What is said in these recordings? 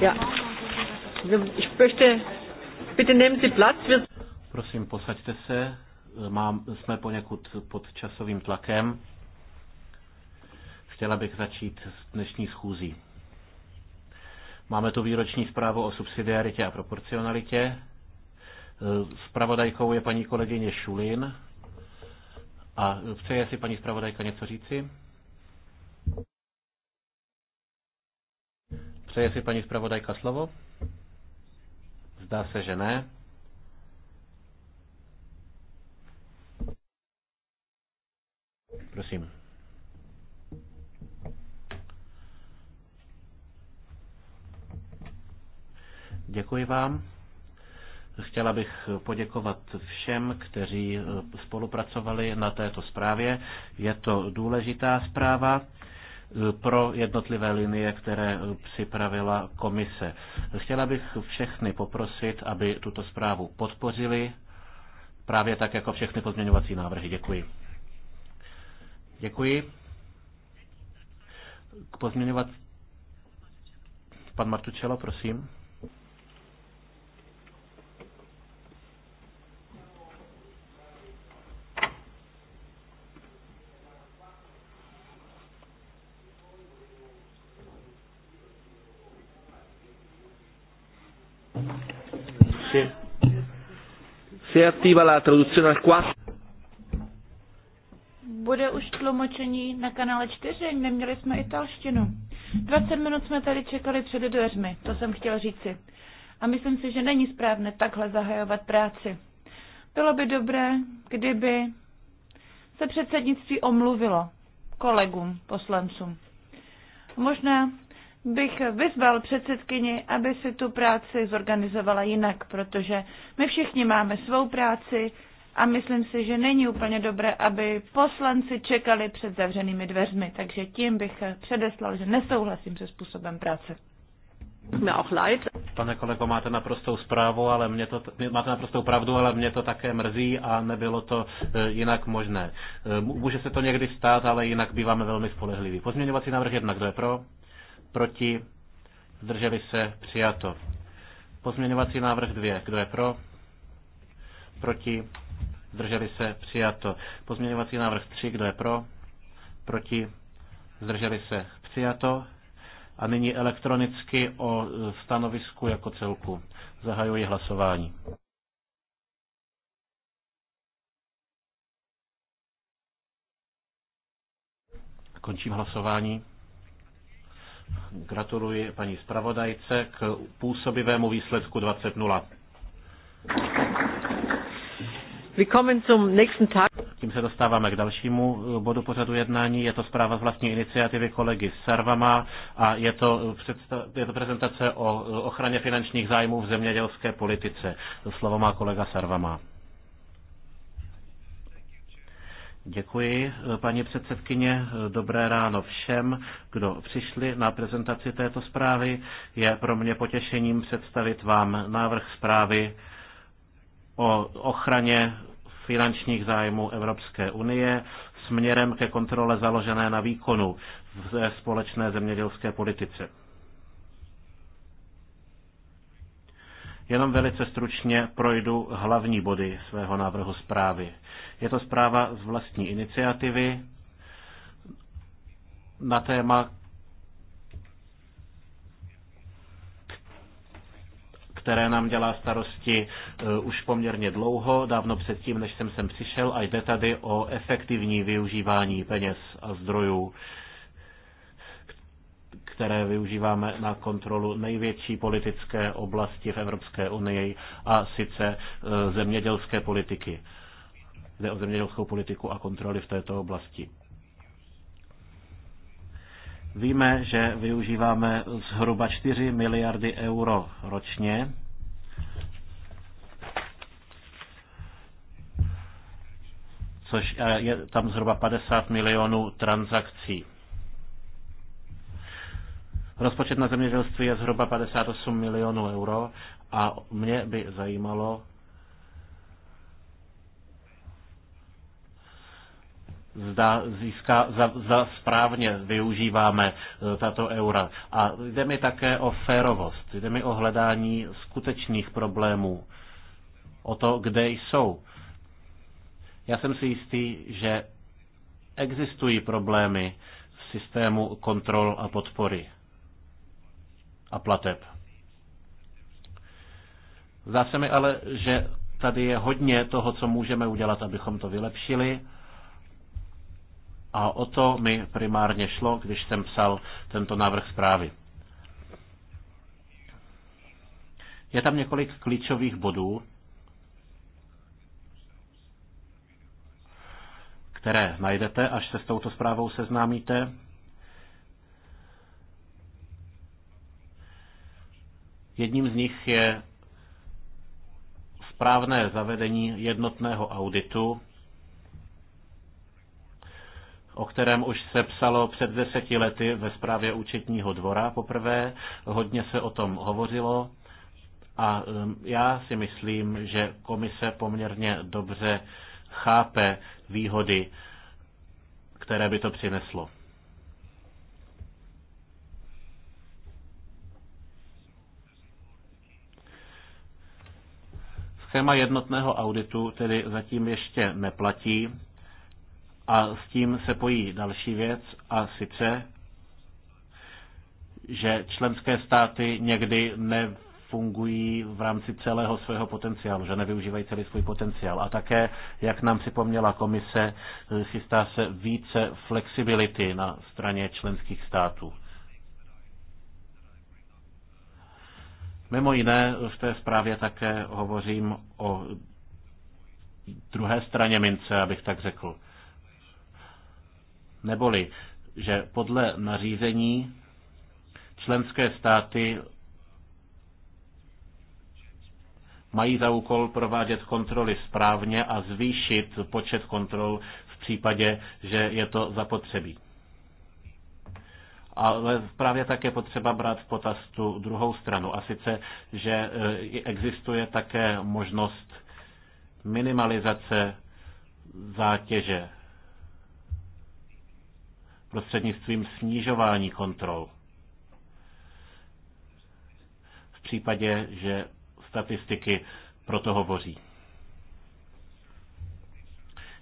Ja. Ich möchte, bitte nehmen Sie Platz. Wir Prosím, posaďte se. Mám, jsme poněkud pod časovým tlakem. Chtěla bych začít s dnešní schůzí. Máme tu výroční zprávu o subsidiaritě a proporcionalitě. Spravodajkou je paní kolegyně Šulin. A přeje si paní zpravodajka něco říci? Přeje si paní zpravodajka slovo? Zdá se, že ne. Prosím. Děkuji vám. Chtěla bych poděkovat všem, kteří spolupracovali na této zprávě. Je to důležitá zpráva pro jednotlivé linie, které připravila komise. Chtěla bych všechny poprosit, aby tuto zprávu podpořili, právě tak jako všechny pozměňovací návrhy. Děkuji. Děkuji. K pozměňovat... Pan Martučelo, prosím. Grazie. Se je attiva la traduzione al 4. Bude už tlumočení na kanále 4, neměli jsme italštinu. 20 minut jsme tady čekali před dveřmi, to jsem chtěla říci. A myslím si, že není správné takhle zahajovat práci. Bylo by dobré, kdyby se předsednictví omluvilo kolegům, poslancům. Možná bych vyzval předsedkyni, aby si tu práci zorganizovala jinak, protože my všichni máme svou práci a myslím si, že není úplně dobré, aby poslanci čekali před zavřenými dveřmi. Takže tím bych předeslal, že nesouhlasím se způsobem práce. Pane kolego, máte naprostou zprávu, ale mě to, máte naprostou pravdu, ale mě to také mrzí a nebylo to e, jinak možné. E, může se to někdy stát, ale jinak býváme velmi spolehliví. Pozměňovací návrh jedna, kdo je pro? Proti? Zdrželi se? Přijato. Pozměňovací návrh 2. Kdo je pro? Proti? Zdrželi se? Přijato. Pozměňovací návrh 3. Kdo je pro? Proti? Zdrželi se? Přijato. A nyní elektronicky o stanovisku jako celku. Zahajuji hlasování. Končím hlasování. Gratuluji paní zpravodajce k působivému výsledku 20.0. Tím se dostáváme k dalšímu eh, bodu pořadu jednání. Je to zpráva z vlastní iniciativy kolegy Sarvama a je to, eh, představ je to prezentace o eh, ochraně finančních zájmů v zemědělské politice. Slovo má kolega Sarvama. Děkuji, paní předsedkyně. Dobré ráno všem, kdo přišli na prezentaci této zprávy. Je pro mě potěšením představit vám návrh zprávy o ochraně finančních zájmů Evropské unie směrem ke kontrole založené na výkonu ve společné zemědělské politice. Jenom velice stručně projdu hlavní body svého návrhu zprávy. Je to zpráva z vlastní iniciativy na téma, které nám dělá starosti e, už poměrně dlouho, dávno předtím, než jsem sem přišel, a jde tady o efektivní využívání peněz a zdrojů které využíváme na kontrolu největší politické oblasti v Evropské unii, a sice e, zemědělské politiky. Jde o zemědělskou politiku a kontroly v této oblasti. Víme, že využíváme zhruba 4 miliardy euro ročně. Což e, je tam zhruba 50 milionů transakcí. Rozpočet na zemědělství je zhruba 58 milionů euro a mě by zajímalo, zda, získá, zda, zda správně využíváme e, tato eura. A jde mi také o férovost, jde mi o hledání skutečných problémů, o to, kde jsou. Já jsem si jistý, že existují problémy v systému kontrol a podpory a plateb. Zdá se mi ale, že tady je hodně toho, co můžeme udělat, abychom to vylepšili. A o to mi primárně šlo, když jsem psal tento návrh zprávy. Je tam několik klíčových bodů, které najdete, až se s touto zprávou seznámíte. Jedním z nich je správné zavedení jednotného auditu, o kterém už se psalo před deseti lety ve zprávě účetního dvora poprvé. Hodně se o tom hovořilo a um, já si myslím, že komise poměrně dobře chápe výhody, které by to přineslo. Schéma jednotného auditu tedy zatím ještě neplatí a s tím se pojí další věc a sice, že členské státy někdy ne fungují v rámci celého svého potenciálu, že nevyužívají celý svůj potenciál. A také, jak nám připomněla komise, chystá se více flexibility na straně členských států. Mimo jiné v té zprávě také hovořím o druhé straně mince, abych tak řekl. Neboli, že podle nařízení členské státy mají za úkol provádět kontroly správně a zvýšit počet kontrol v případě, že je to zapotřebí ale právě tak je potřeba brát v potaz tu druhou stranu, a sice, že eh, existuje také možnost minimalizace zátěže prostřednictvím snižování kontrol. V případě, že statistiky proto hovoří.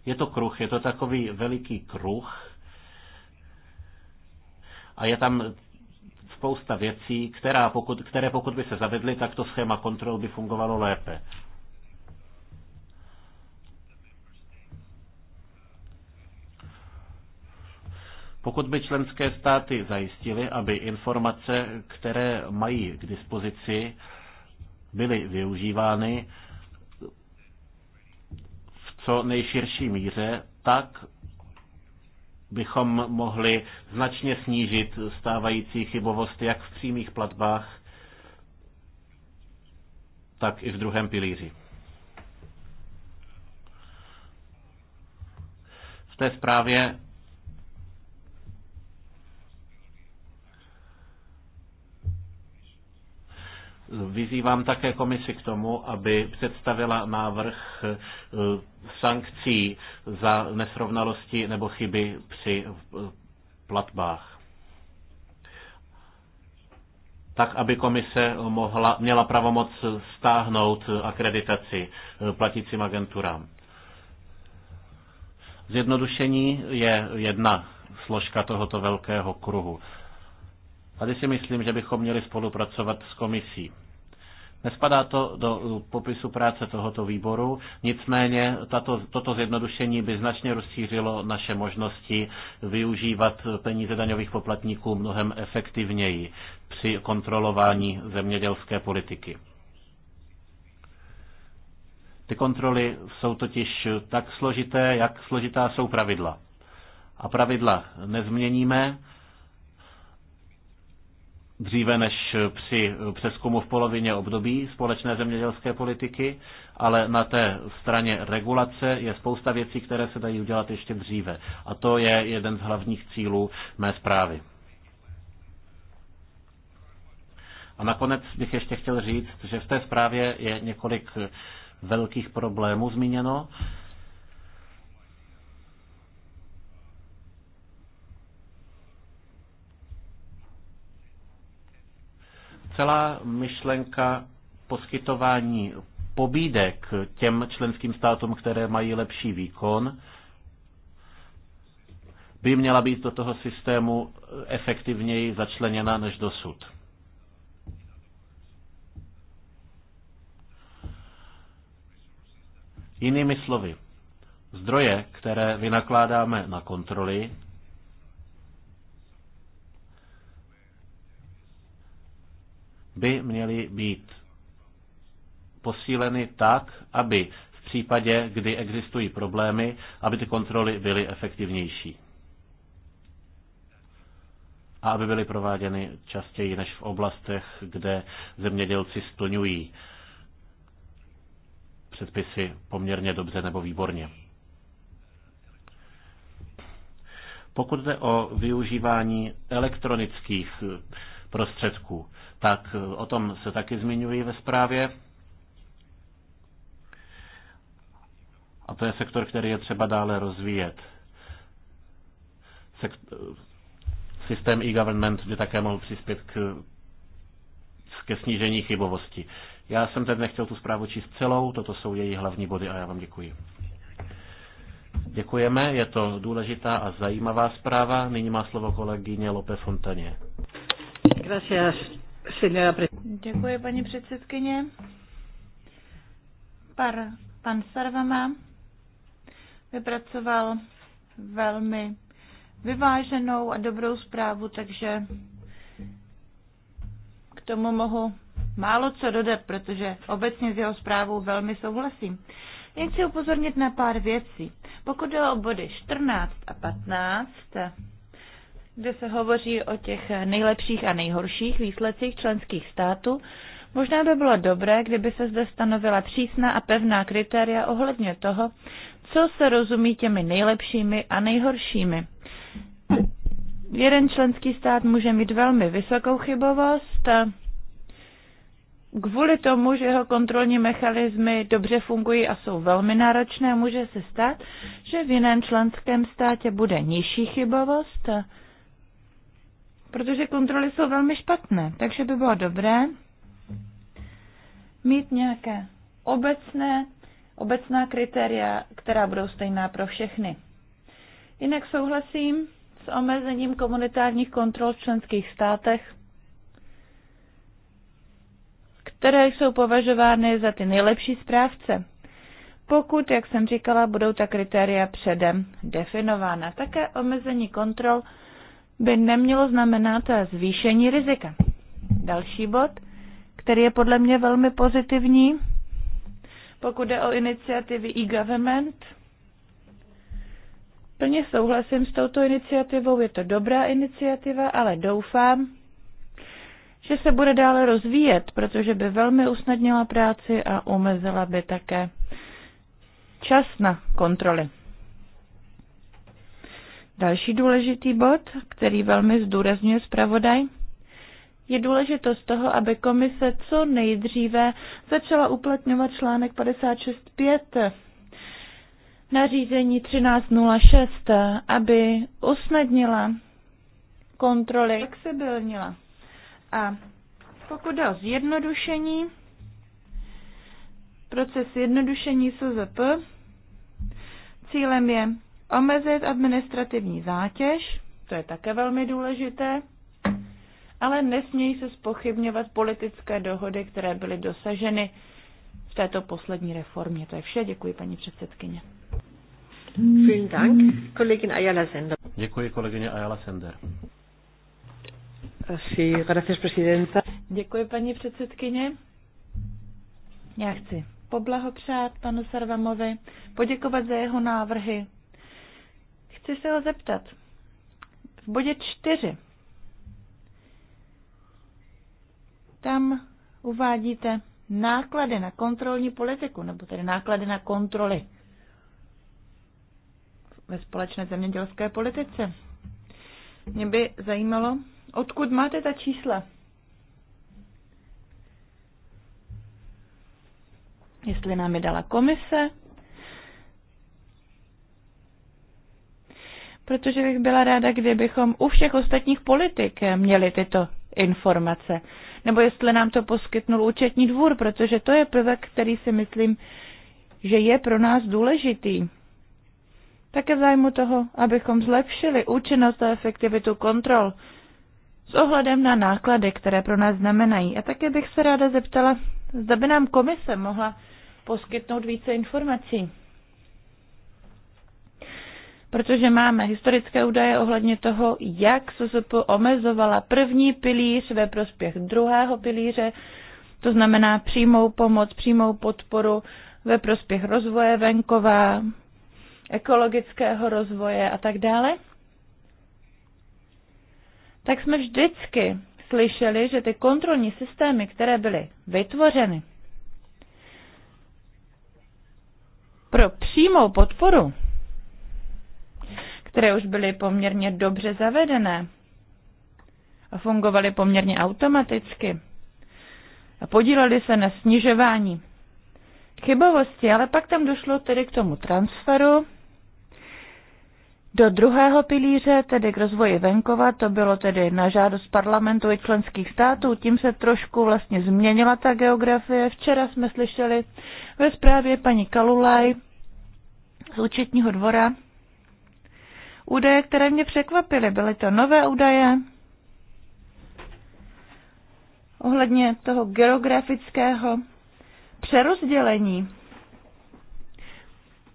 Je to kruh, je to takový veliký kruh, a je tam spousta věcí, která pokud, které pokud by se zavedly, tak to schéma kontrol by fungovalo lépe. Pokud by členské státy zajistily, aby informace, které mají k dispozici, byly využívány v co nejširší míře, tak bychom mohli značně snížit stávající chybovost jak v přímých platbách, tak i v druhém pilíři. V té zprávě Vyzývám také komisi k tomu, aby představila návrh eh, sankcí za nesrovnalosti nebo chyby při eh, platbách. Tak, aby komise mohla, měla pravomoc stáhnout akreditaci eh, platícím agenturám. Zjednodušení je jedna složka tohoto velkého kruhu. Tady si myslím, že bychom měli spolupracovat s komisí. Nespadá to do popisu práce tohoto výboru, nicméně tato, toto zjednodušení by značně rozšířilo naše možnosti využívat peníze daňových poplatníků mnohem efektivněji při kontrolování zemědělské politiky. Ty kontroly jsou totiž tak složité, jak složitá jsou pravidla. A pravidla nezměníme, dříve než při přeskumu v polovině období společné zemědělské politiky, ale na té straně regulace je spousta věcí, které se dají udělat ještě dříve. A to je jeden z hlavních cílů mé zprávy. A nakonec bych ještě chtěl říct, že v té zprávě je několik velkých problémů zmíněno. celá myšlenka poskytování pobídek těm členským státům, které mají lepší výkon, by měla být do toho systému efektivněji začleněna než dosud. Jinými slovy, zdroje, které vynakládáme na kontroly, by měly být posíleny tak, aby v případě, kdy existují problémy, aby ty kontroly byly efektivnější a aby byly prováděny častěji než v oblastech, kde zemědělci splňují předpisy poměrně dobře nebo výborně. Pokud jde o využívání elektronických prostředků. Tak eh, o tom se taky zmiňují ve zprávě. A to je sektor, který je třeba dále rozvíjet. Sek- eh, systém e-government by také mohl přispět k, ke snížení chybovosti. Já jsem teď nechtěl tu zprávu číst celou, toto jsou její hlavní body a já vám děkuji. Děkujeme, je to důležitá a zajímavá zpráva. Nyní má slovo kolegyně Lope Fontaně. Děkuji, paní předsedkyně. Par, pan Sarvama vypracoval velmi vyváženou a dobrou zprávu, takže k tomu mohu málo co dodat, protože obecně s jeho zprávou velmi souhlasím. Jen chci upozornit na pár věcí. Pokud jde o body 14 a 15, kde se hovoří o těch nejlepších a nejhorších výsledcích členských států, možná by bylo dobré, kdyby se zde stanovila přísná a pevná kritéria ohledně toho, co se rozumí těmi nejlepšími a nejhoršími. Jeden členský stát může mít velmi vysokou chybovost kvůli tomu, že jeho kontrolní mechanismy dobře fungují a jsou velmi náročné, může se stát, že v jiném členském státě bude nižší chybovost protože kontroly jsou velmi špatné. Takže by bylo dobré mít nějaké obecné, obecná kritéria, která budou stejná pro všechny. Jinak souhlasím s omezením komunitárních kontrol v členských státech, které jsou považovány za ty nejlepší správce. Pokud, jak jsem říkala, budou ta kritéria předem definována. Také omezení kontrol by nemělo znamenat zvýšení rizika. Další bod, který je podle mě velmi pozitivní, pokud jde o iniciativy e-government, plně souhlasím s touto iniciativou, je to dobrá iniciativa, ale doufám, že se bude dále rozvíjet, protože by velmi usnadnila práci a omezila by také čas na kontroly. Další důležitý bod, který velmi zdůrazňuje zpravodaj, je důležitost toho, aby komise co nejdříve začala uplatňovat článek 56.5 nařízení 1306, aby usnadnila kontroly, flexibilnila. A pokud jde o zjednodušení, proces zjednodušení SZP, cílem je omezit administrativní zátěž, to je také velmi důležité, ale nesmějí se spochybňovat politické dohody, které byly dosaženy v této poslední reformě. To je vše. Děkuji, paní předsedkyně. Vielen Dank, Kollegin Ayala Sender. Děkuji, kolegyně Ayala Sender. Sí, gracias, presidenta. Děkuji, paní předsedkyně. Já chci poblahopřát panu Sarvamovi, poděkovat za jeho návrhy, Chci se ho zeptat. V bodě čtyři tam uvádíte náklady na kontrolní politiku, nebo tedy náklady na kontroly ve společné zemědělské politice. Mě by zajímalo, odkud máte ta čísla? Jestli nám je dala komise, protože bych byla ráda, kdybychom u všech ostatních politik měli tyto informace. Nebo jestli nám to poskytnul účetní dvůr, protože to je prvek, který si myslím, že je pro nás důležitý. Také zájmu toho, abychom zlepšili účinnost a efektivitu kontrol s ohledem na náklady, které pro nás znamenají. A také bych se ráda zeptala, zda by nám komise mohla poskytnout více informací protože máme historické údaje ohledně toho, jak SZP omezovala první pilíř ve prospěch druhého pilíře, to znamená přímou pomoc, přímou podporu ve prospěch rozvoje venkova, ekologického rozvoje a tak dále. Tak jsme vždycky slyšeli, že ty kontrolní systémy, které byly vytvořeny pro přímou podporu které už byly poměrně dobře zavedené a fungovaly poměrně automaticky a podíleli se na snižování chybovosti, ale pak tam došlo tedy k tomu transferu do druhého pilíře, tedy k rozvoji venkova, to bylo tedy na žádost parlamentu i členských států, tím se trošku vlastně změnila ta geografie. Včera jsme slyšeli ve zprávě paní Kalulaj z účetního dvora, údaje, které mě překvapily. Byly to nové údaje ohledně toho geografického přerozdělení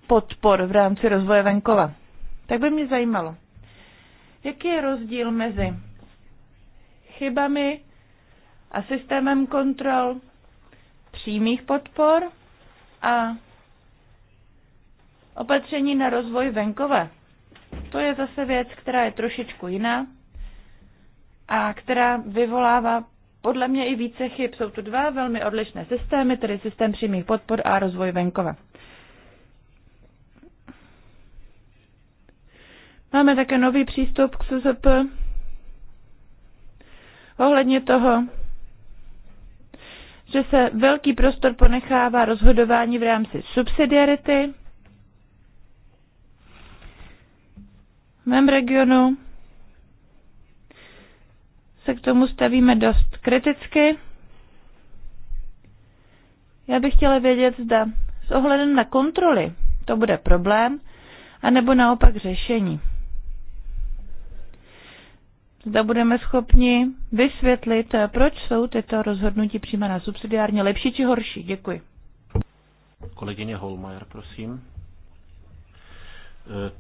podpor v rámci rozvoje venkova. Tak by mě zajímalo, jaký je rozdíl mezi chybami a systémem kontrol přímých podpor a opatření na rozvoj venkova. To je zase věc, která je trošičku jiná a která vyvolává podle mě i více chyb. Jsou tu dva velmi odlišné systémy, tedy systém přímých podpor a rozvoj venkova. Máme také nový přístup k SZP ohledně toho, že se velký prostor ponechává rozhodování v rámci subsidiarity mém regionu se k tomu stavíme dost kriticky. Já bych chtěla vědět, zda s ohledem na kontroly to bude problém, anebo naopak řešení. Zda budeme schopni vysvětlit, proč jsou tyto rozhodnutí přijímána subsidiárně lepší či horší. Děkuji. Kolegyně Holmajer, prosím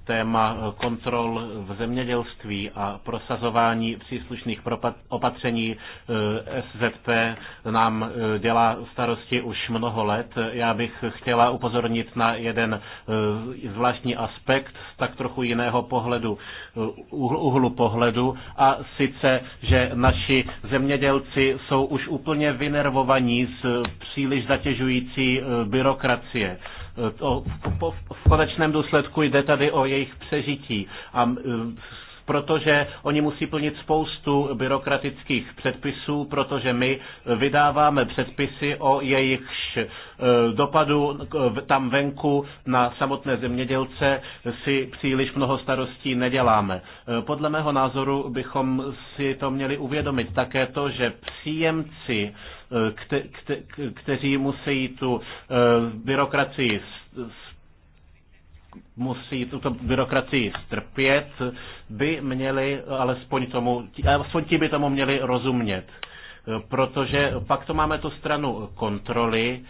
téma kontrol v zemědělství a prosazování příslušných opatření eh, SZP nám eh, dělá starosti už mnoho let. Já bych chtěla upozornit na jeden eh, zvláštní aspekt z tak trochu jiného pohledu, uhlu pohledu a sice, že naši zemědělci jsou už úplně vynervovaní z příliš zatěžující byrokracie v, v konečném důsledku jde tady o jejich přežití. A protože oni musí plnit spoustu byrokratických předpisů, protože my vydáváme předpisy o jejich eh, dopadu tam venku na samotné zemědělce si příliš mnoho starostí neděláme. Eh, podle mého názoru bychom si to měli uvědomit také to, že příjemci eh, kte, kte, kteří musí tu byrokracii musí tuto byrokracii strpět, by měli alespoň tomu, alespoň ti by tomu měli rozumět. Protože pak to máme tu stranu kontroly.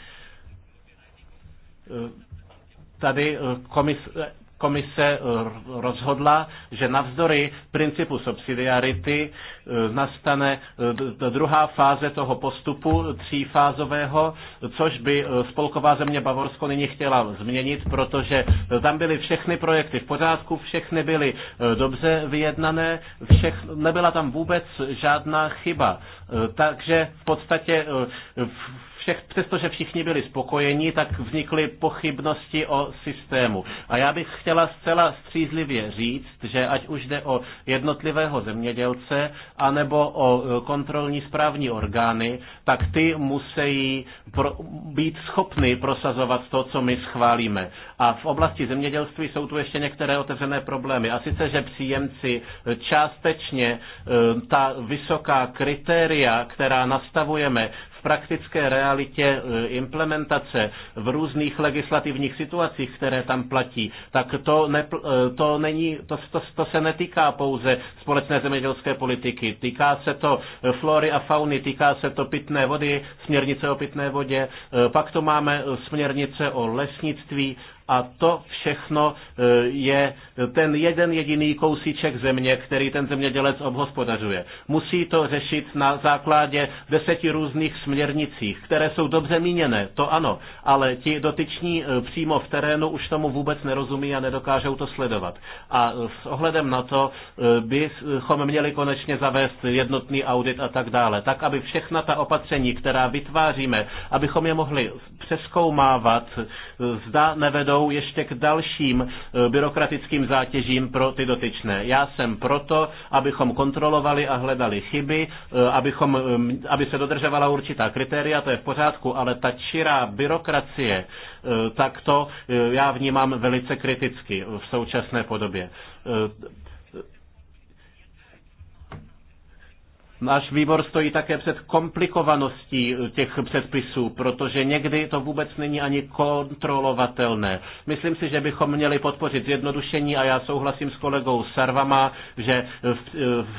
Tady komis, komise eh, rozhodla, že navzdory principu subsidiarity eh, nastane eh, druhá fáze toho postupu třífázového, což by spolková země Bavorsko nyní chtěla změnit, protože tam byly všechny projekty v pořádku, všechny byly dobře vyjednané, všech, nebyla tam vůbec žádná chyba. Takže v podstatě v všech, přestože všichni byli spokojeni, tak vznikly pochybnosti o systému. A já bych chtěla zcela střízlivě říct, že ať už jde o jednotlivého zemědělce, anebo o e, kontrolní správní orgány, tak ty musí pro, být schopny prosazovat to, co my schválíme. A v oblasti zemědělství jsou tu ještě některé otevřené problémy. A sice, že příjemci částečně e, ta vysoká kritéria, která nastavujeme, v praktické realitě e, implementace v různých legislativních situacích, které tam platí, tak to, ne, e, to, není, to, to, to se netýká pouze společné zemědělské politiky. Týká se to flory a fauny, týká se to pitné vody, směrnice o pitné vodě, e, pak to máme směrnice o lesnictví a to všechno e, je ten jeden jediný kousíček země, který ten zemědělec obhospodařuje. Musí to řešit na základě deseti různých směrnicích, které jsou dobře míněné, to ano, ale ti dotyční e, přímo v terénu už tomu vůbec nerozumí a nedokážou to sledovat. A e, s ohledem na to bychom měli konečně zavést jednotný audit a tak dále, tak aby všechna ta opatření, která vytváříme, abychom je mohli přeskoumávat, zda nevedou vedou ještě k dalším eh, byrokratickým zátěžím pro ty dotyčné. Já jsem proto, abychom kontrolovali a hledali chyby, eh, abychom, ehm, aby se dodržovala určitá kritéria, to je v pořádku, ale ta čirá byrokracie, eh, tak to já vnímám velice kriticky v současné podobě. Náš výbor stojí také před komplikovaností těch předpisů, protože někdy to vůbec není ani kontrolovatelné. Myslím si, že bychom měli podpořit zjednodušení a já souhlasím s kolegou Sarvama, že v,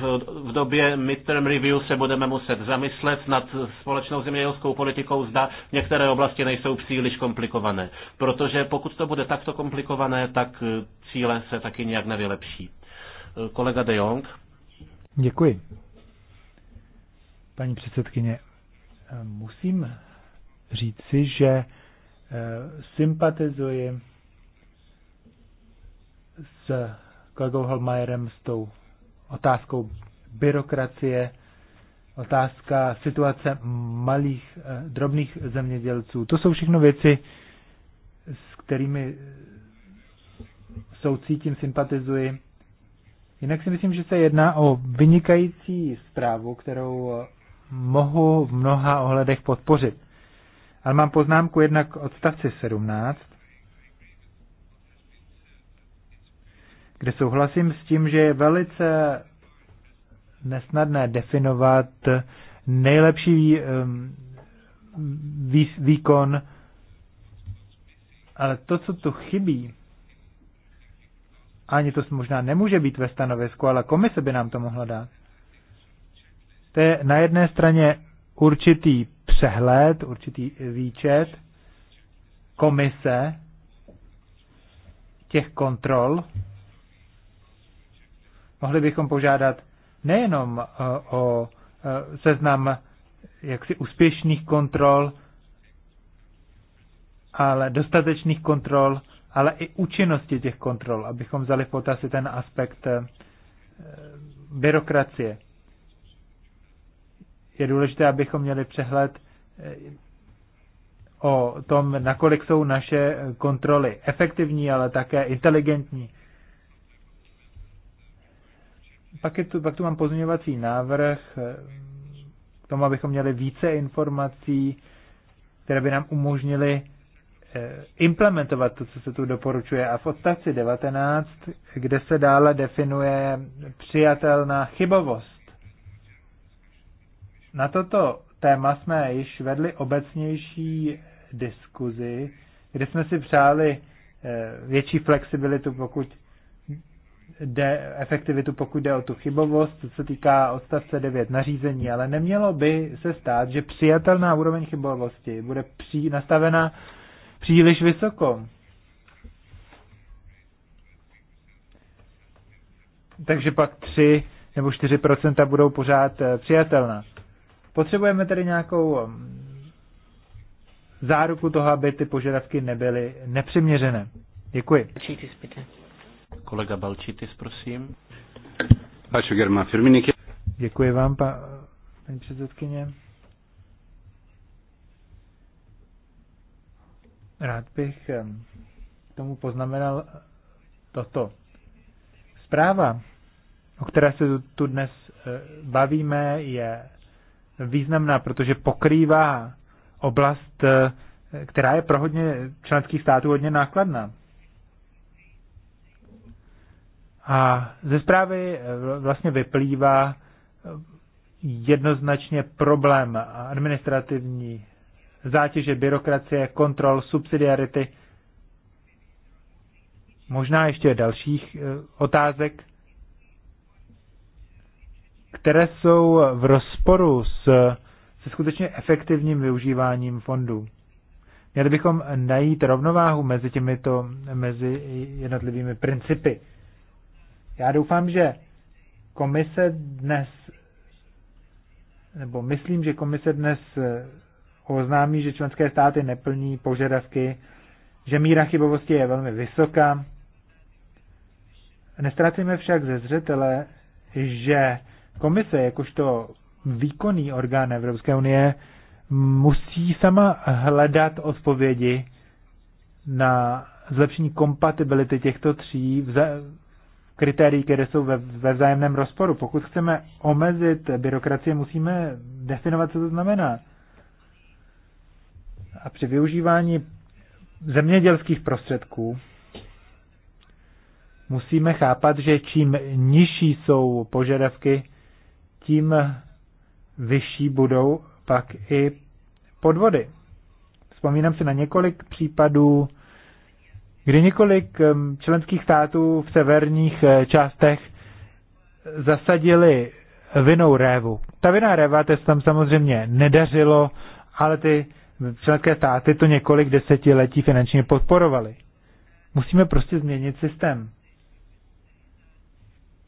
v, v době midterm review se budeme muset zamyslet nad společnou zemědělskou politikou, zda některé oblasti nejsou příliš komplikované. Protože pokud to bude takto komplikované, tak cíle se taky nějak nevylepší. Kolega De Jong. Děkuji. Paní předsedkyně, musím říci, že eh, sympatizuji s kolegou Holmajerem s tou otázkou byrokracie, otázka situace malých, eh, drobných zemědělců. To jsou všechno věci, s kterými soucítím, sympatizuji. Jinak si myslím, že se jedná o vynikající zprávu, kterou eh, mohu v mnoha ohledech podpořit. Ale mám poznámku jednak k odstavci 17, kde souhlasím s tím, že je velice nesnadné definovat nejlepší výkon, ale to, co tu chybí, ani to možná nemůže být ve stanovisku, ale komise by nám to mohla dát to je na jedné straně určitý přehled, určitý výčet komise těch kontrol. Mohli bychom požádat nejenom eh, o eh, seznam jaksi úspěšných kontrol, ale dostatečných kontrol, ale i účinnosti těch kontrol, abychom vzali v potaz ten aspekt eh, byrokracie je důležité, abychom měli přehled eh, o tom, nakolik jsou naše kontroly efektivní, ale také inteligentní. Pak, je tu, pak tu mám pozměňovací návrh eh, k tomu, abychom měli více informací, které by nám umožnily eh, implementovat to, co se tu doporučuje. A v odstavci 19, kde se dále definuje přijatelná chybovost, na toto téma jsme již vedli obecnější diskuzi, kde jsme si přáli eh, větší flexibilitu, pokud jde, efektivitu, pokud jde o tu chybovost, co se týká odstavce 9 nařízení, ale nemělo by se stát, že přijatelná úroveň chybovosti bude při, nastavena příliš vysoko. Takže pak 3 nebo 4 budou pořád eh, přijatelná. Potřebujeme tedy nějakou um, záruku toho, aby ty požadavky nebyly nepřiměřené. Děkuji. Kolega Balčitis, prosím. Děkuji vám, pa, paní předsedkyně. Rád bych um, k tomu poznamenal toto. Zpráva, o které se tu dnes eh, bavíme, je významná, protože pokrývá oblast, eh, která je pro hodně členských států hodně nákladná. A ze zprávy eh, vlastně vyplývá eh, jednoznačně problém administrativní zátěže, byrokracie, kontrol, subsidiarity, možná ještě dalších otázek, které jsou v rozporu s, se skutečně efektivním využíváním fondů. Měli bychom najít rovnováhu mezi těmito, mezi jednotlivými principy. Já doufám, že komise dnes, nebo myslím, že komise dnes oznámí, že členské státy neplní požadavky, že míra chybovosti je velmi vysoká. Nestracíme však ze zřetele, že Komise, jakožto výkonný orgán Evropské unie, musí sama hledat odpovědi na zlepšení kompatibility těchto tří kritérií, které jsou ve, ve vzájemném rozporu. Pokud chceme omezit byrokracie, musíme definovat, co to znamená. A při využívání zemědělských prostředků musíme chápat, že čím nižší jsou požadavky tím vyšší budou pak i podvody. Vzpomínám si na několik případů, kdy několik členských států v severních eh, částech zasadili vinou révu. Ta vina réva to tam samozřejmě nedařilo, ale ty členské státy to několik desetiletí finančně podporovaly. Musíme prostě změnit systém.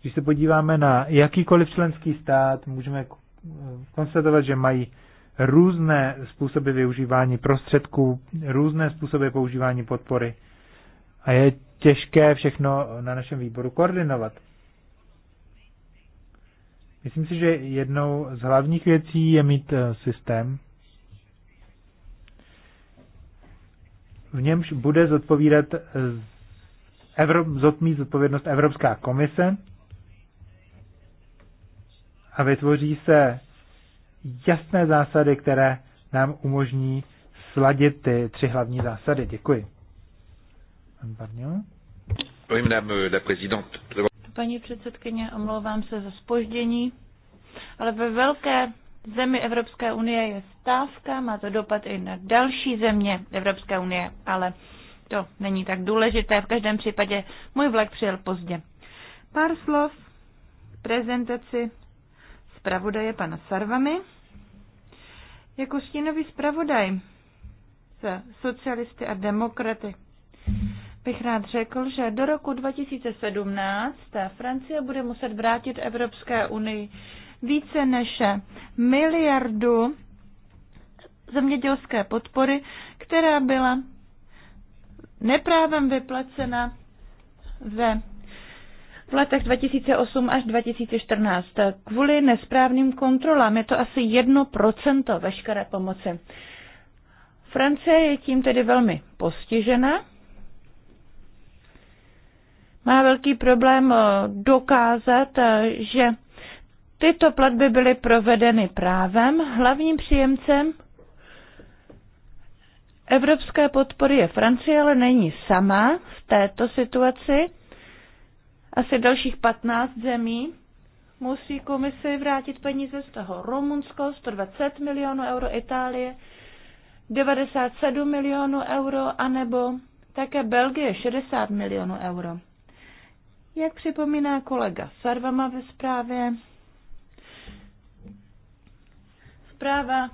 Když se podíváme na jakýkoliv členský stát, můžeme eh, konstatovat, že mají různé způsoby využívání prostředků, různé způsoby používání podpory a je těžké všechno na našem výboru koordinovat. Myslím si, že jednou z hlavních věcí je mít eh, systém, v němž bude zodpovídat Evrop, mít zodpovědnost Evropská komise a vytvoří se jasné zásady, které nám umožní sladit ty tři hlavní zásady. Děkuji. Pan Paní předsedkyně, omlouvám se za spoždění, ale ve velké zemi Evropské unie je stávka, má to dopad i na další země Evropské unie, ale to není tak důležité. V každém případě můj vlak přijel pozdě. Pár slov prezentaci zpravodaje pana Sarvamy. Jako stínový zpravodaj za socialisty a demokraty bych rád řekl, že do roku 2017 Francie bude muset vrátit Evropské unii více než miliardu zemědělské podpory, která byla neprávem vyplacena ve v letech 2008 až 2014. Kvůli nesprávným kontrolám je to asi 1% veškeré pomoci. Francie je tím tedy velmi postižena. Má velký problém eh, dokázat, eh, že tyto platby byly provedeny právem. Hlavním příjemcem evropské podpory je Francie, ale není sama v této situaci asi dalších 15 zemí musí komisi vrátit peníze z toho. Rumunsko 120 milionů euro, Itálie 97 milionů euro, anebo také Belgie 60 milionů euro. Jak připomíná kolega Sarvama ve zprávě, zpráva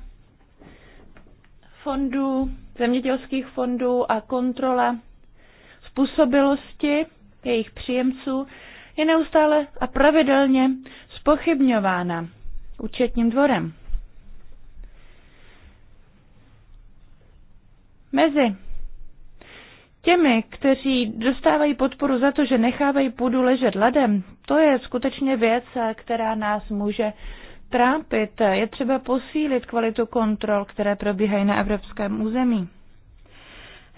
fondů, zemědělských fondů a kontrola způsobilosti jejich příjemců je neustále a pravidelně spochybňována účetním dvorem. Mezi těmi, kteří dostávají podporu za to, že nechávají půdu ležet ladem, to je skutečně věc, která nás může trápit. Je třeba posílit kvalitu kontrol, které probíhají na evropském území.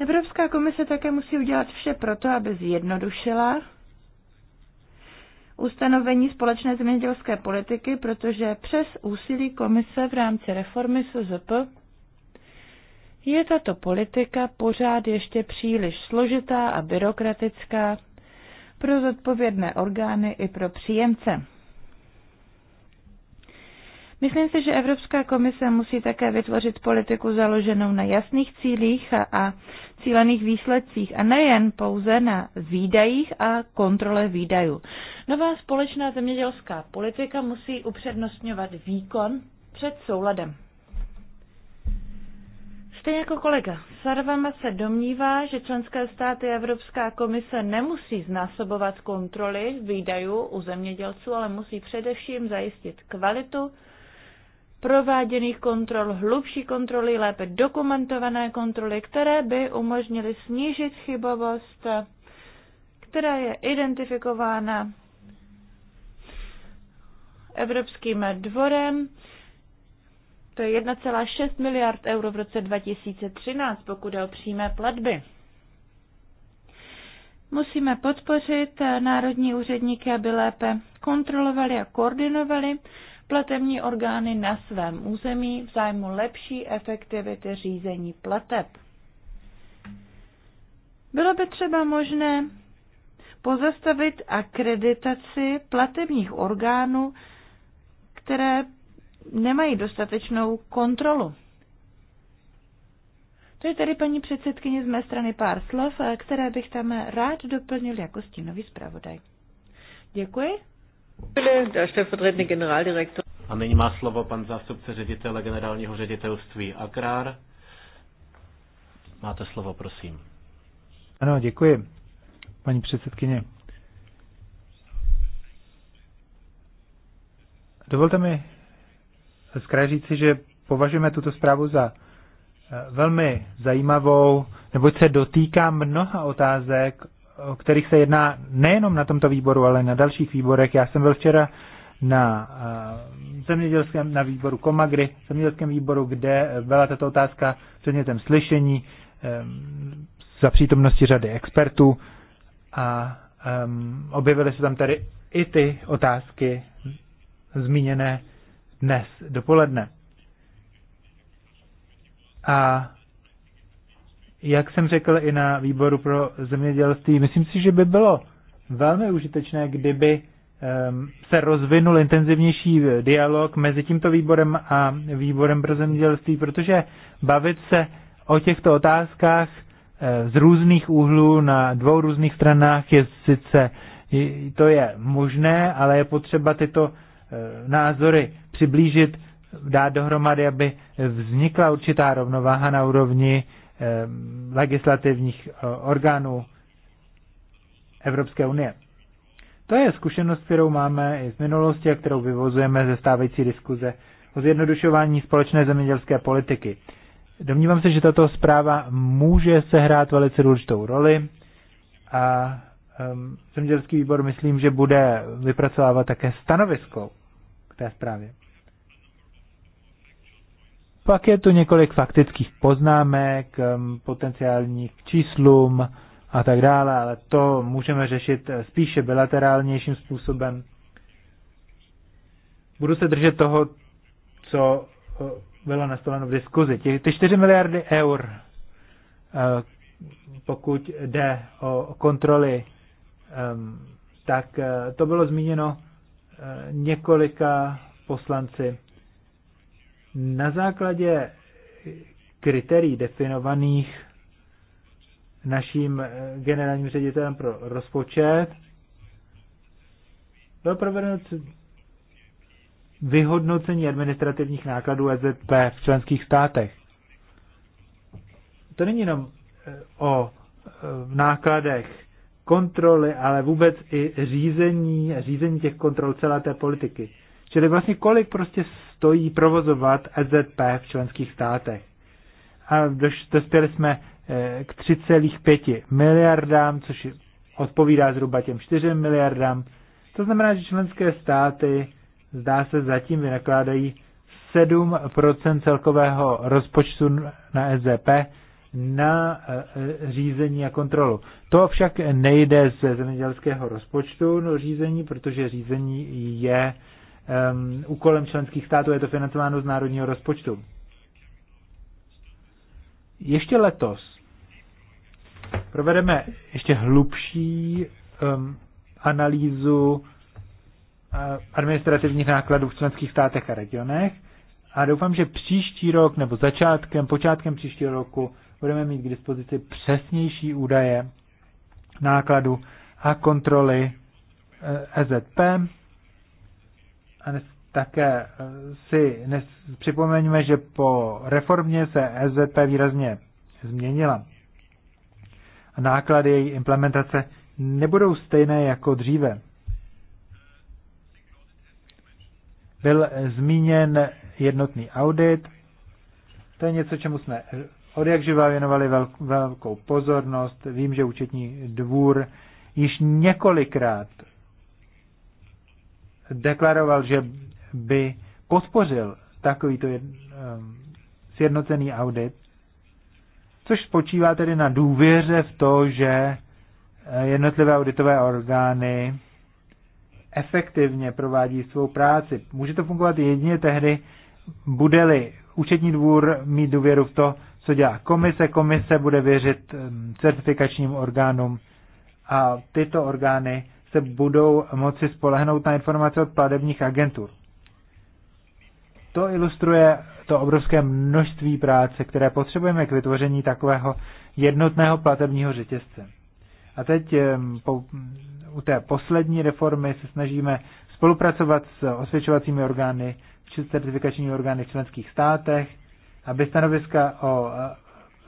Evropská komise také musí udělat vše proto, aby zjednodušila ustanovení společné zemědělské politiky, protože přes úsilí komise v rámci reformy SZP je tato politika pořád ještě příliš složitá a byrokratická pro zodpovědné orgány i pro příjemce. Myslím si, že Evropská komise musí také vytvořit politiku založenou na jasných cílích a cílených výsledcích a nejen pouze na výdajích a kontrole výdajů. Nová společná zemědělská politika musí upřednostňovat výkon před souladem. Stejně jako kolega Sarvama se domnívá, že členské státy Evropská komise nemusí znásobovat kontroly výdajů u zemědělců, ale musí především zajistit kvalitu prováděných kontrol, hlubší kontroly, lépe dokumentované kontroly, které by umožnily snížit chybovost, která je identifikována Evropským dvorem. To je 1,6 miliard euro v roce 2013, pokud je o přímé platby. Musíme podpořit národní úředníky, aby lépe kontrolovali a koordinovali platební orgány na svém území v zájmu lepší efektivity řízení plateb. Bylo by třeba možné pozastavit akreditaci platebních orgánů, které nemají dostatečnou kontrolu. To je tedy paní předsedkyně z mé strany pár slov, které bych tam rád doplnil jako stínový zpravodaj. Děkuji. A nyní má slovo pan zástupce ředitele generálního ředitelství Agrár. Máte slovo, prosím. Ano, děkuji, paní předsedkyně. Dovolte mi zkrátit, říci, že považujeme tuto zprávu za eh, velmi zajímavou, neboť se dotýká mnoha otázek, o kterých se jedná nejenom na tomto výboru, ale na dalších výborech. Já jsem byl včera na eh, zemědělském, na výboru Komagry, zemědělském výboru, kde byla tato otázka předmětem slyšení eh, za přítomnosti řady expertů a um, objevily se tam tady i ty otázky zmíněné dnes dopoledne. A jak jsem řekl i na výboru pro zemědělství, myslím si, že by bylo velmi užitečné, kdyby ehm, se rozvinul intenzivnější dialog mezi tímto výborem a výborem pro zemědělství, protože bavit se o těchto otázkách eh, z různých úhlů na dvou různých stranách je sice to je možné, ale je potřeba tyto eh, názory přiblížit, dát dohromady, aby vznikla určitá rovnováha na úrovni Eh, legislativních eh, orgánů Evropské unie. To je zkušenost, kterou máme i z minulosti a kterou vyvozujeme ze stávající diskuze o zjednodušování společné zemědělské politiky. Domnívám se, že tato zpráva může sehrát velice důležitou roli a zemědělský výbor myslím, že bude vypracovávat také stanovisko k té zprávě. Pak je tu několik faktických poznámek, potenciálních číslům a tak dále, ale to můžeme řešit eh, spíše bilaterálnějším způsobem. Budu se držet toho, co eh, bylo nastoleno v diskuzi. Ty, ty 4 miliardy eur, eh, pokud jde o kontroly, tak to bylo zmíněno několika poslanci na základě kritérií definovaných naším eh, generálním ředitelem pro rozpočet bylo provedeno vyhodnocení administrativních nákladů EZP v členských státech. To není jenom eh, o eh, nákladech kontroly, ale vůbec i řízení, řízení těch kontrol celé té politiky. Čili vlastně kolik prostě stojí provozovat EZP v členských státech. A dospěli jsme eh, k 3,5 miliardám, což odpovídá zhruba těm 4 miliardám. To znamená, že členské státy, zdá se, zatím vynakládají 7 celkového rozpočtu na SZP e na eh, řízení a kontrolu. To však nejde ze zemědělského rozpočtu no, řízení, protože řízení je um, úkolem členských států, je to financováno z národního rozpočtu. Ještě letos provedeme ještě hlubší um, analýzu eh, administrativních nákladů v členských státech a regionech a doufám, že příští rok nebo začátkem, počátkem příštího roku budeme mít k dispozici přesnější údaje nákladu a kontroly EZP eh, e a nes, také eh, si připomeňme, že po reformě se SZP výrazně změnila. A náklady její implementace nebudou stejné jako dříve. Byl zmíněn jednotný audit. To je něco, čemu jsme od jak věnovali velkou pozornost. Vím, že účetní dvůr již několikrát deklaroval, že by podpořil takovýto um, sjednocený audit, což spočívá tedy na důvěře v to, že eh, jednotlivé auditové orgány efektivně provádí svou práci. Může to fungovat jedině tehdy, bude-li účetní dvůr mít důvěru v to, co dělá komise. Komise bude věřit eh, certifikačním orgánům a tyto orgány se budou moci spolehnout na informace od platebních agentur. To ilustruje to obrovské množství práce, které potřebujeme k vytvoření takového jednotného platebního řetězce. A teď po, u té poslední reformy se snažíme spolupracovat s osvědčovacími orgány, certifikačními orgány v členských státech, aby stanoviska o e,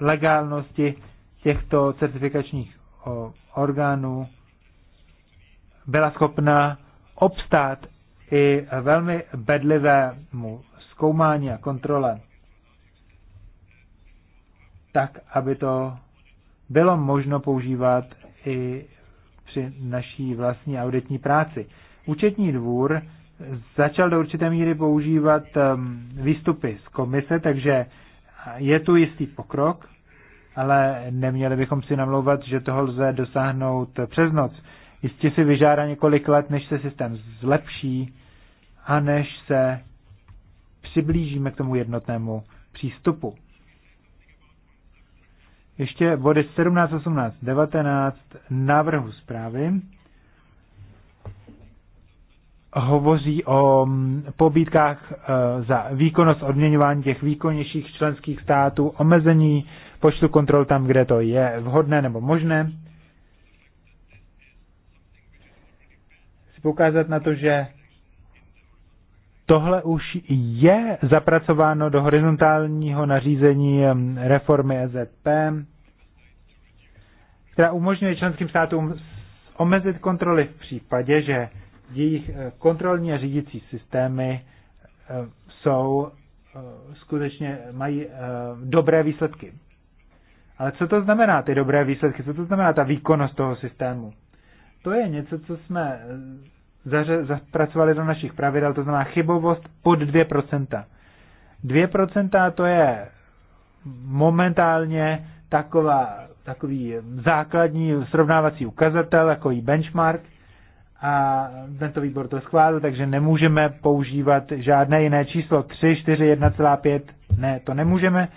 legálnosti těchto certifikačních orgánů byla schopna obstát i velmi bedlivému zkoumání a kontrole, tak, aby to bylo možno používat i při naší vlastní auditní práci. Účetní dvůr začal do určité míry používat ehm, výstupy z komise, takže je tu jistý pokrok, ale neměli bychom si namlouvat, že toho lze dosáhnout přes noc jistě si vyžádá několik let, než se systém zlepší a než se přiblížíme k tomu jednotnému přístupu. Ještě body 17, 18, 19 návrhu zprávy hovoří o mm, pobídkách e, za výkonnost odměňování těch výkonnějších členských států, omezení počtu kontrol tam, kde to je vhodné nebo možné. poukázat na to, že tohle už je zapracováno do horizontálního nařízení reformy EZP, která umožňuje členským státům omezit kontroly v případě, že jejich eh, kontrolní a řídící systémy eh, jsou eh, skutečně mají dobré výsledky. Ale co to znamená, ty dobré výsledky? Co to znamená ta výkonnost toho systému? To je něco, co jsme eh, zaře- zapracovali do našich pravidel, to znamená chybovost pod 2%. 2% to je momentálně taková, takový základní srovnávací ukazatel, jako i benchmark, a tento výbor to schválil, takže nemůžeme používat žádné jiné číslo 3, 4, 1,5, ne, to nemůžeme,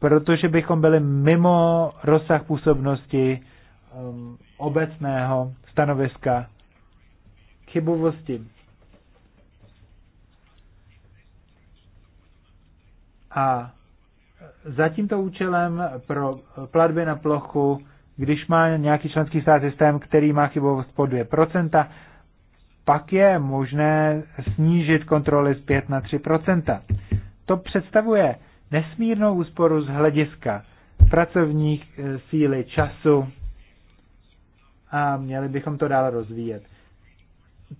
protože bychom byli mimo rozsah působnosti um, obecného stanoviska chybovosti. A za tímto účelem pro platby na plochu, když má nějaký členský stát systém, který má chybovost po 2%, pak je možné snížit kontroly z 5 na 3%. To představuje nesmírnou úsporu z hlediska pracovních eh, síly, času a měli bychom to dále rozvíjet.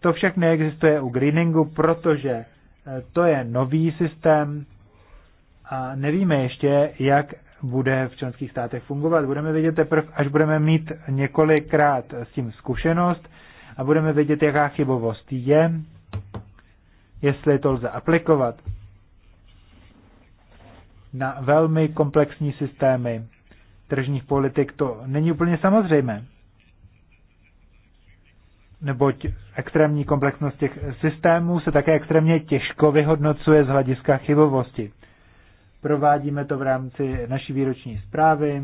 To však neexistuje u greeningu, protože e, to je nový systém a nevíme ještě, jak bude v členských státech fungovat. Budeme vědět teprve, až budeme mít několikrát s tím zkušenost a budeme vědět, jaká chybovost je, jestli to lze aplikovat na velmi komplexní systémy tržních politik. To není úplně samozřejmé neboť extrémní komplexnost těch systémů se také extrémně těžko vyhodnocuje z hlediska chybovosti. Provádíme to v rámci naší výroční zprávy,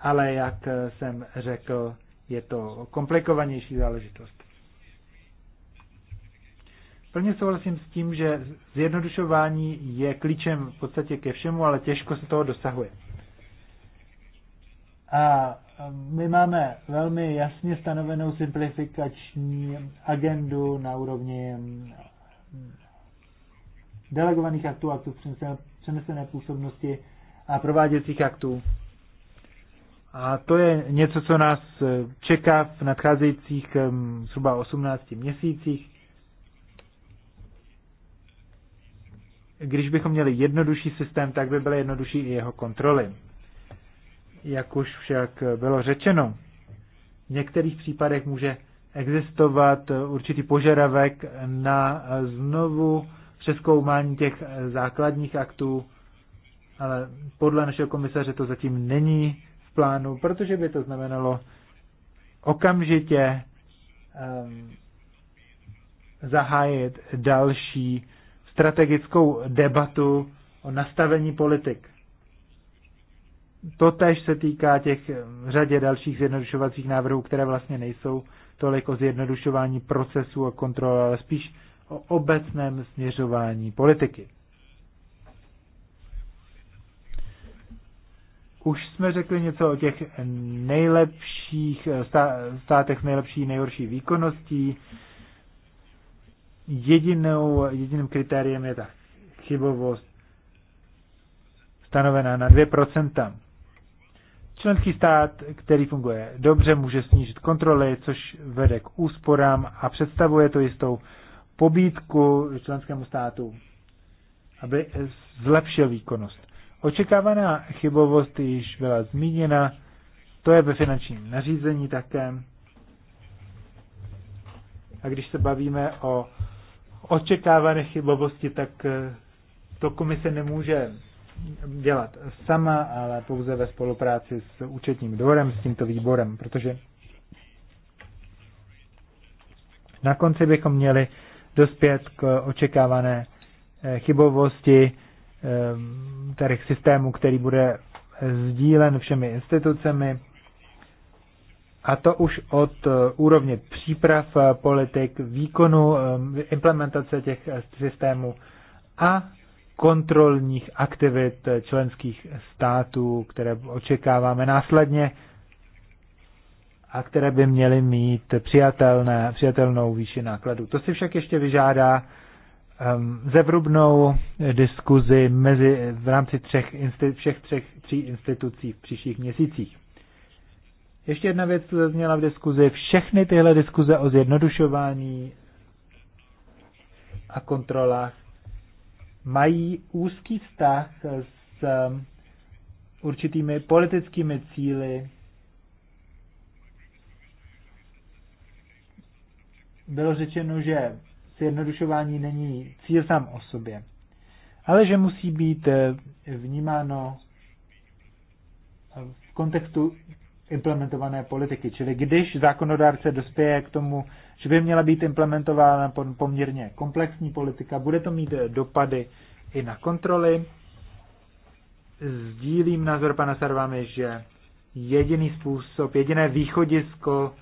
ale jak jsem řekl, je to komplikovanější záležitost. Plně souhlasím s tím, že zjednodušování je klíčem v podstatě ke všemu, ale těžko se toho dosahuje. A Ehm, my máme velmi jasně stanovenou simplifikační agendu na úrovni ehm, delegovaných aktů, aktů přenesené působnosti a prováděcích aktů. A to je něco, co nás eh, čeká v nadcházejících ehm, zhruba 18 měsících. Když bychom měli jednodušší systém, tak by byly jednodušší i jeho kontroly. Jak už však bylo řečeno, v některých případech může existovat určitý požadavek na znovu přeskoumání těch základních aktů, ale podle našeho komisaře to zatím není v plánu, protože by to znamenalo okamžitě um, zahájit další strategickou debatu o nastavení politik. To tež se týká těch řadě dalších zjednodušovacích návrhů, které vlastně nejsou tolik o zjednodušování procesů a kontrol, ale spíš o obecném směřování politiky. Už jsme řekli něco o těch nejlepších státech s nejlepší nejhorší výkonností. Jedinou, jediným kritériem je ta chybovost stanovená na Členský stát, který funguje dobře, může snížit kontroly, což vede k úsporám a představuje to jistou pobídku členskému státu, aby zlepšil výkonnost. Očekávaná chybovost již byla zmíněna, to je ve finančním nařízení také. A když se bavíme o očekávané chybovosti, tak to komise nemůže dělat sama, ale pouze ve spolupráci s účetním dvorem, s tímto výborem, protože na konci bychom měli dospět k očekávané eh, chybovosti eh, tady systému, který bude sdílen všemi institucemi. A to už od eh, úrovně příprav politik, výkonu, implementace těch systémů a kontrolních aktivit členských států, které očekáváme následně a které by měly mít přijatelné, přijatelnou výši nákladů. To si však ještě vyžádá um, zevrubnou diskuzi mezi, v rámci třech, všech třech, tří institucí v příštích měsících. Ještě jedna věc tu zazněla v diskuzi. Všechny tyhle diskuze o zjednodušování a kontrolách mají úzký vztah s um, určitými politickými cíly. Bylo řečeno, že zjednodušování není cíl sám o sobě, ale že musí být eh, vnímáno v kontextu implementované politiky. Čili když zákonodárce dospěje k tomu, že by měla být implementována poměrně komplexní politika, bude to mít dopady i na kontroly. Sdílím názor pana Sarvami, že jediný způsob, jediné východisko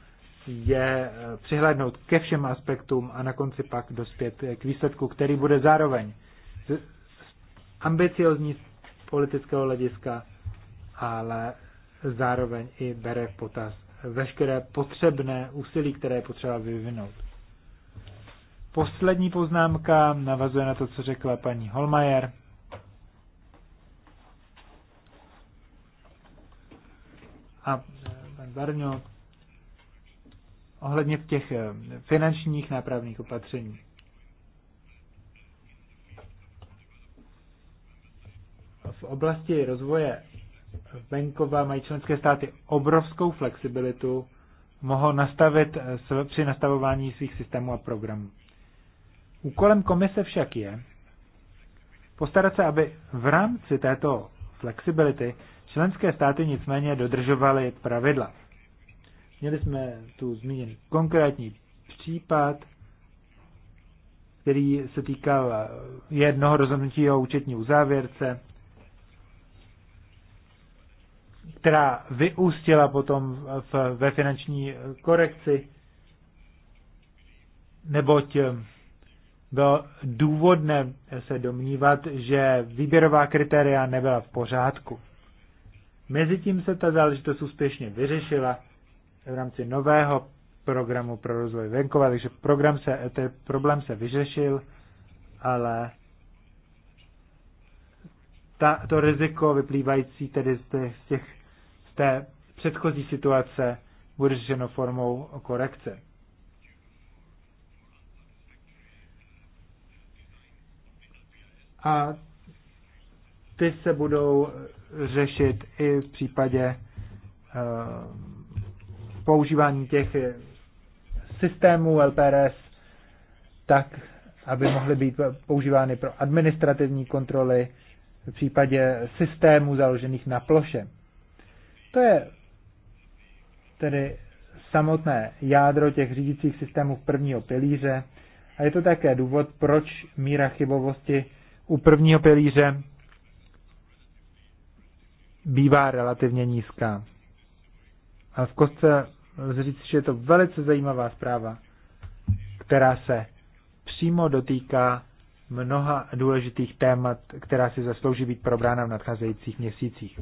je eh, přihlédnout ke všem aspektům a na konci pak dospět eh, k výsledku, který bude zároveň ambiciozní z politického hlediska, ale zároveň i bere v potaz veškeré potřebné úsilí, které je potřeba vyvinout. Poslední poznámka navazuje na to, co řekla paní Holmajer. A eh, pan Barňo, ohledně těch eh, finančních nápravných opatření. V oblasti rozvoje venkova mají členské státy obrovskou flexibilitu, mohou nastavit eh, při nastavování svých systémů a programů. Úkolem komise však je postarat se, aby v rámci této flexibility členské státy nicméně dodržovaly pravidla. Měli jsme tu zmíněn konkrétní případ, který se týkal eh, jednoho rozhodnutí o účetní uzávěrce, která vyústila potom v, ve finanční korekci, neboť bylo důvodné se domnívat, že výběrová kritéria nebyla v pořádku. Mezitím se ta záležitost úspěšně vyřešila v rámci nového programu pro rozvoj venkova, takže program se, ten problém se vyřešil, ale ta, to riziko vyplývající tedy z těch, z těch té předchozí situace bude řešeno formou korekce. A ty se budou řešit i v případě uh, používání těch systémů LPRS tak, aby mohly být používány pro administrativní kontroly v případě systémů založených na ploše. To je tedy samotné jádro těch řídících systémů v prvního pilíře a je to také důvod, proč míra chybovosti u prvního pilíře bývá relativně nízká. A v kostce lze říct, že je to velice zajímavá zpráva, která se přímo dotýká mnoha důležitých témat, která si zaslouží být probrána v nadcházejících měsících.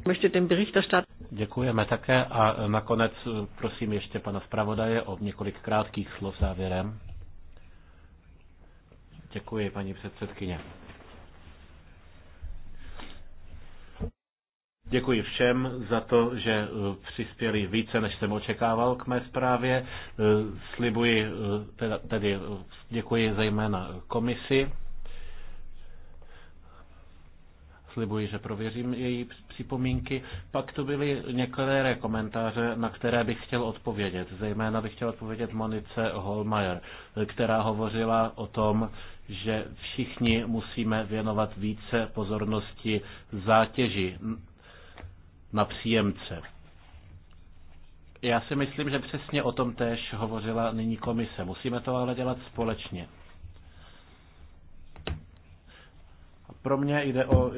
Děkujeme také a nakonec eh, prosím ještě pana zpravodaje o několik krátkých slov závěrem. Děkuji, paní předsedkyně. Děkuji všem za to, že eh, přispěli více, než jsem očekával k mé zprávě. Eh, slibuji, tedy děkuji zejména komisi Slibuji, že prověřím její připomínky. Pak to byly některé komentáře, na které bych chtěl odpovědět. Zejména bych chtěl odpovědět Monice Holmajer, která hovořila o tom, že všichni musíme věnovat více pozornosti zátěži na příjemce. Já si myslím, že přesně o tom též hovořila nyní komise. Musíme to ale dělat společně. Pro mě jde o e,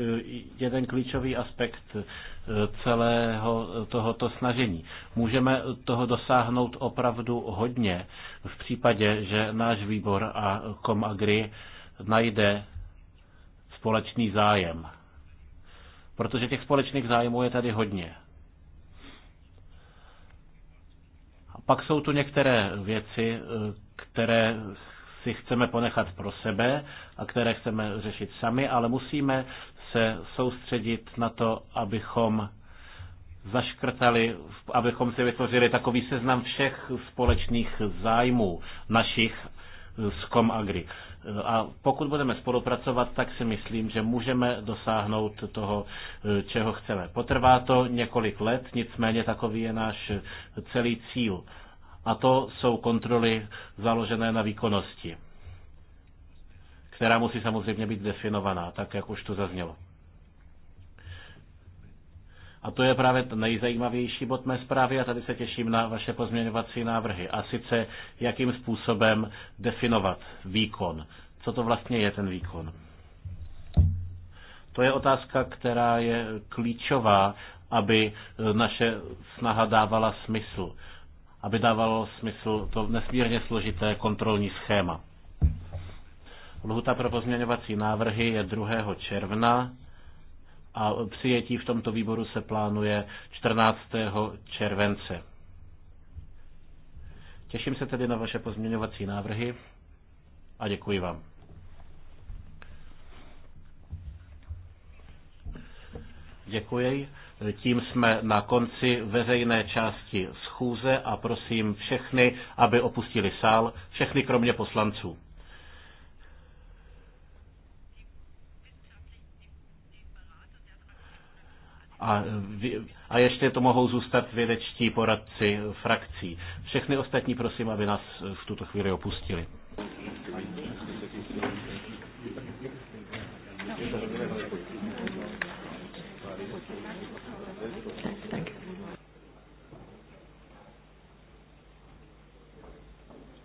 jeden klíčový aspekt e, celého tohoto snažení. Můžeme toho dosáhnout opravdu hodně v případě, že náš výbor a Comagri najde společný zájem. Protože těch společných zájmů je tady hodně. A pak jsou tu některé věci, e, které si chceme ponechat pro sebe a které chceme řešit sami, ale musíme se soustředit na to, abychom zaškrtali, abychom si vytvořili takový seznam všech společných zájmů našich z Comagri. A pokud budeme spolupracovat, tak si myslím, že můžeme dosáhnout toho, čeho chceme. Potrvá to několik let, nicméně takový je náš celý cíl. A to jsou kontroly založené na výkonnosti, která musí samozřejmě být definovaná, tak jak už to zaznělo. A to je právě ten nejzajímavější bod mé zprávy a tady se těším na vaše pozměňovací návrhy. A sice, jakým způsobem definovat výkon. Co to vlastně je ten výkon? To je otázka, která je klíčová, aby naše snaha dávala smysl aby dávalo smysl to nesmírně složité kontrolní schéma. Lhuta pro pozměňovací návrhy je 2. června a přijetí v tomto výboru se plánuje 14. července. Těším se tedy na vaše pozměňovací návrhy a děkuji vám. Děkuji. Tím jsme na konci veřejné části schůze a prosím všechny, aby opustili sál, všechny kromě poslanců. A, a ještě to mohou zůstat vědečtí poradci frakcí. Všechny ostatní prosím, aby nás v tuto chvíli opustili.